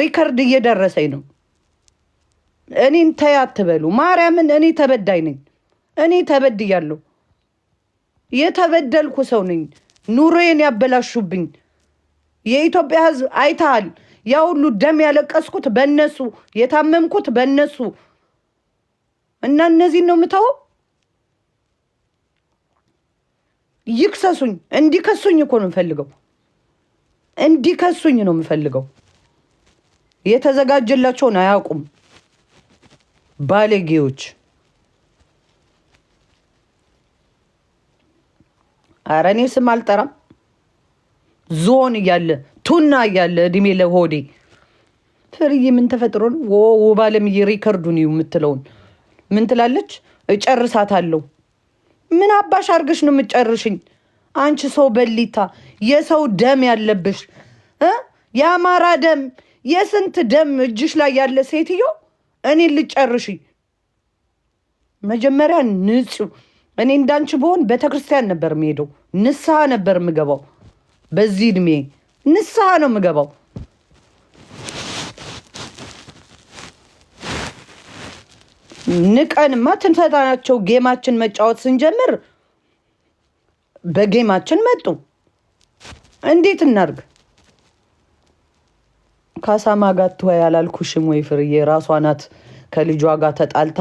ሪከርድ እየደረሰኝ ነው። እኔን ተይ አትበሉ ማርያምን። እኔ ተበዳይ ነኝ። እኔ ተበድያለሁ። የተበደልኩ ሰው ነኝ። ኑሮዬን ያበላሹብኝ የኢትዮጵያ ሕዝብ አይተሃል። ያ ሁሉ ደም ያለቀስኩት በነሱ የታመምኩት በነሱ እና እነዚህን ነው ምተው። ይክሰሱኝ። እንዲከሱኝ እኮ ነው የምፈልገው። እንዲከሱኝ ነው የምፈልገው። የተዘጋጀላቸውን አያውቁም ባለጌዎች። አረ እኔ ስም አልጠራም። ዞን እያለ ቱና እያለ እድሜ ለሆዴ ፍርዬ ምን ተፈጥሮን ውብ አለምዬ ሪከርዱን የምትለውን ምን ትላለች? እጨርሳታለሁ። ምን አባሽ አድርገሽ ነው የምትጨርሽኝ አንቺ ሰው በሊታ፣ የሰው ደም ያለብሽ የአማራ ደም የስንት ደም እጅሽ ላይ ያለ ሴትዮ እኔን ልጨርሽ። መጀመሪያ ንጹ እኔ እንዳንቺ በሆን ቤተክርስቲያን ነበር የምሄደው፣ ንስሐ ነበር የምገባው። በዚህ እድሜ ንስሐ ነው የምገባው። ንቀንማ ትንፈታናቸው። ጌማችን መጫወት ስንጀምር በጌማችን መጡ። እንዴት እናርግ? ከአሳማ ጋር ትወይ አላልኩሽም ወይ ፍርዬ? ራሷ ናት ከልጇ ጋር ተጣልታ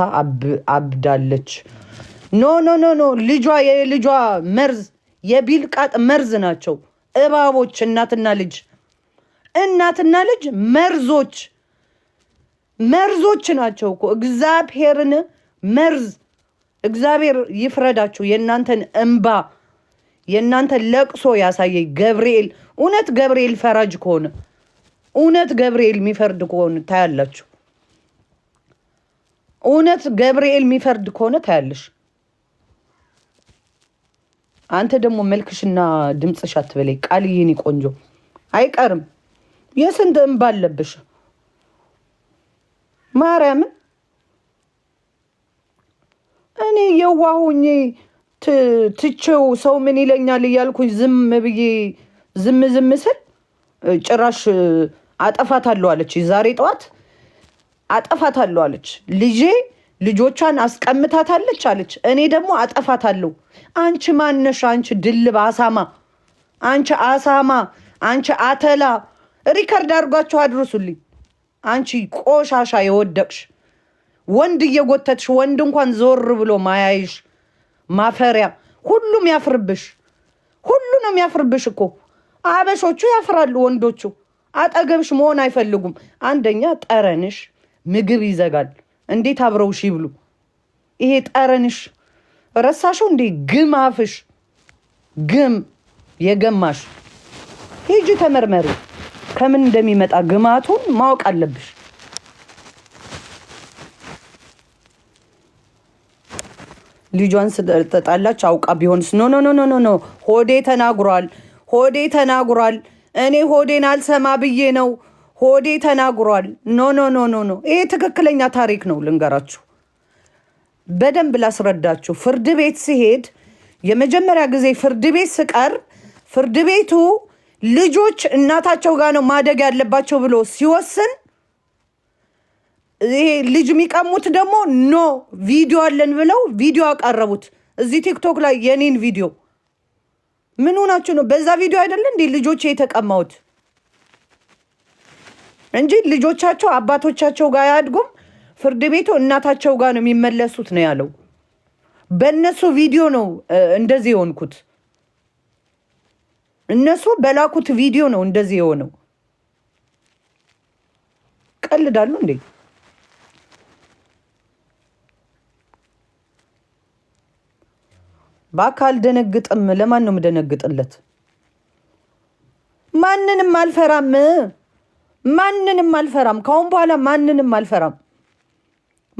አብዳለች። ኖ ኖ ኖ ኖ ልጇ የልጇ መርዝ የቢልቃጥ መርዝ ናቸው እባቦች። እናትና ልጅ እናትና ልጅ መርዞች መርዞች ናቸው እኮ እግዚአብሔርን መርዝ እግዚአብሔር ይፍረዳችሁ። የእናንተን እምባ የእናንተን ለቅሶ ያሳየኝ ገብርኤል። እውነት ገብርኤል ፈራጅ ከሆነ እውነት ገብርኤል የሚፈርድ ከሆነ ታያላችሁ። እውነት ገብርኤል የሚፈርድ ከሆነ ታያለሽ። አንተ ደግሞ መልክሽና ድምፅሽ አትበለይ። ቃልዬን ቆንጆ አይቀርም። የስንት እንባ አለብሽ ማርያምን። እኔ የዋሁኝ ትቼው ሰው ምን ይለኛል እያልኩኝ ዝም ብዬ ዝም ዝም ስል ጭራሽ አጠፋታለሁ አለች። ዛሬ ጠዋት አጠፋታለሁ አለች። ልጄ ልጆቿን አስቀምታታለች አለች። እኔ ደግሞ አጠፋታለሁ። አንቺ ማነሽ? አንቺ ድልብ አሳማ፣ አንቺ አሳማ፣ አንቺ አተላ። ሪከርድ አርጓቸው አድርሱልኝ። አንቺ ቆሻሻ የወደቅሽ ወንድ እየጎተትሽ ወንድ እንኳን ዞር ብሎ ማያይሽ ማፈሪያ። ሁሉም ያፍርብሽ፣ ሁሉ ነው የሚያፍርብሽ እኮ አበሾቹ ያፍራሉ ወንዶቹ። አጠገብሽ መሆን አይፈልጉም። አንደኛ ጠረንሽ ምግብ ይዘጋል። እንዴት አብረውሽ ይብሉ? ይሄ ጠረንሽ ረሳሽው እንዴ? ግም አፍሽ ግም የገማሽ ሂጂ ተመርመሪ። ከምን እንደሚመጣ ግማቱን ማወቅ አለብሽ። ልጇን ስጠጣላች አውቃ ቢሆንስ? ኖ ኖ ኖ ኖ ኖ ሆዴ ተናግሯል፣ ሆዴ ተናግሯል። እኔ ሆዴን አልሰማ ብዬ ነው። ሆዴ ተናግሯል። ኖ ኖ ኖ ኖ ኖ። ይሄ ትክክለኛ ታሪክ ነው። ልንገራችሁ፣ በደንብ ላስረዳችሁ። ፍርድ ቤት ሲሄድ የመጀመሪያ ጊዜ ፍርድ ቤት ስቀርብ ፍርድ ቤቱ ልጆች እናታቸው ጋር ነው ማደግ ያለባቸው ብሎ ሲወስን ይሄ ልጅ የሚቀሙት ደግሞ ኖ ቪዲዮ አለን ብለው ቪዲዮ አቀረቡት። እዚህ ቲክቶክ ላይ የኔን ቪዲዮ ምን ሆናችሁ ነው? በዛ ቪዲዮ አይደለ እንዴ ልጆቼ የተቀማሁት እንጂ ልጆቻቸው አባቶቻቸው ጋር አያድጉም። ፍርድ ቤቱ እናታቸው ጋር ነው የሚመለሱት ነው ያለው። በእነሱ ቪዲዮ ነው እንደዚህ የሆንኩት። እነሱ በላኩት ቪዲዮ ነው እንደዚህ የሆነው። ቀልዳሉ እንዴ? በአካል ደነግጥም። ለማን ነው የምደነግጥለት? ማንንም አልፈራም። ማንንም አልፈራም። ካሁን በኋላ ማንንም አልፈራም።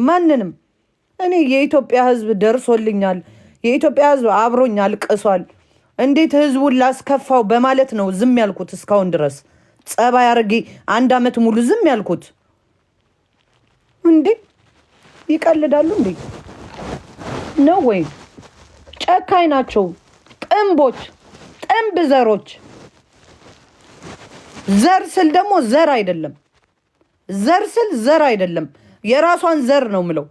ማንንም እኔ የኢትዮጵያ ሕዝብ ደርሶልኛል። የኢትዮጵያ ሕዝብ አብሮኝ አልቅሷል። እንዴት ሕዝቡን ላስከፋው በማለት ነው ዝም ያልኩት እስካሁን ድረስ ጸባይ አድርጌ አንድ ዓመት ሙሉ ዝም ያልኩት። እንዴ ይቀልዳሉ እንዴ ነው ወይም ጨካኝ ናቸው። ጥንቦች፣ ጥንብ ዘሮች። ዘር ስል ደግሞ ዘር አይደለም፣ ዘር ስል ዘር አይደለም። የራሷን ዘር ነው ምለው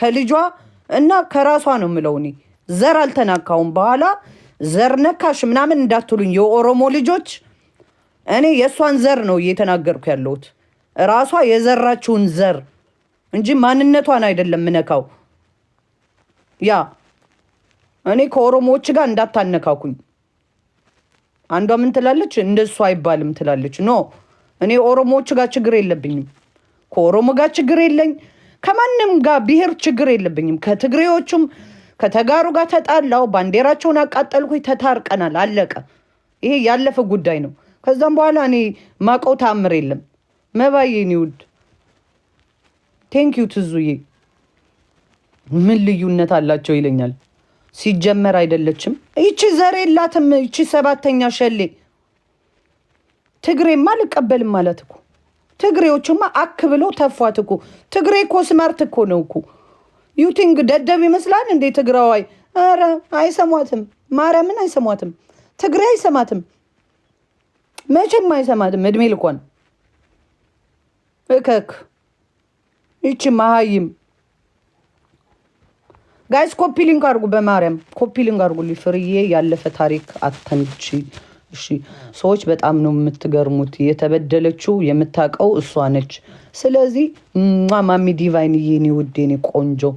ከልጇ እና ከራሷ ነው ምለው። እኔ ዘር አልተናካውም። በኋላ ዘር ነካሽ ምናምን እንዳትሉኝ የኦሮሞ ልጆች። እኔ የእሷን ዘር ነው እየተናገርኩ ያለሁት ራሷ የዘራችውን ዘር እንጂ ማንነቷን አይደለም ምነካው ያ እኔ ከኦሮሞዎች ጋር እንዳታነካኩኝ። አንዷ ምን ትላለች? እንደሱ አይባልም ትላለች። ኖ እኔ ኦሮሞዎች ጋር ችግር የለብኝም። ከኦሮሞ ጋር ችግር የለኝ። ከማንም ጋር ብሔር ችግር የለብኝም። ከትግሬዎቹም ከተጋሩ ጋር ተጣላው፣ ባንዲራቸውን አቃጠልኩ ተታርቀናል፣ አለቀ። ይሄ ያለፈ ጉዳይ ነው። ከዛም በኋላ እኔ ማቀው ተአምር የለም። መባዬ ኒውድ ቴንኪዩ ትዙዬ ምን ልዩነት አላቸው ይለኛል። ሲጀመር አይደለችም። ይቺ ዘር የላትም። ይቺ ሰባተኛ ሸሌ ትግሬማ አልቀበልም ማለት እኮ ትግሬዎችማ አክ ብሎ ተፏት እኮ። ትግሬ እኮ ስማርት እኮ ነው እኮ። ዩቲንግ ደደብ ይመስላል እንዴ ትግራዋይ? ኧረ አይሰሟትም፣ ማርያምን አይሰሟትም፣ ትግሬ አይሰማትም፣ መቼም አይሰማትም። እድሜ ልኳን እከክ ይቺ መሀይም ጋይስ ኮፒ ሊንክ አድርጉ፣ በማርያም ኮፒ ሊንክ አድርጉልኝ። ፍርዬ ያለፈ ታሪክ አተንቺ። እሺ ሰዎች በጣም ነው የምትገርሙት። የተበደለችው የምታውቀው እሷ ነች። ስለዚህ ማሚ ዲቫይን የኔ ውድ የኔ ቆንጆ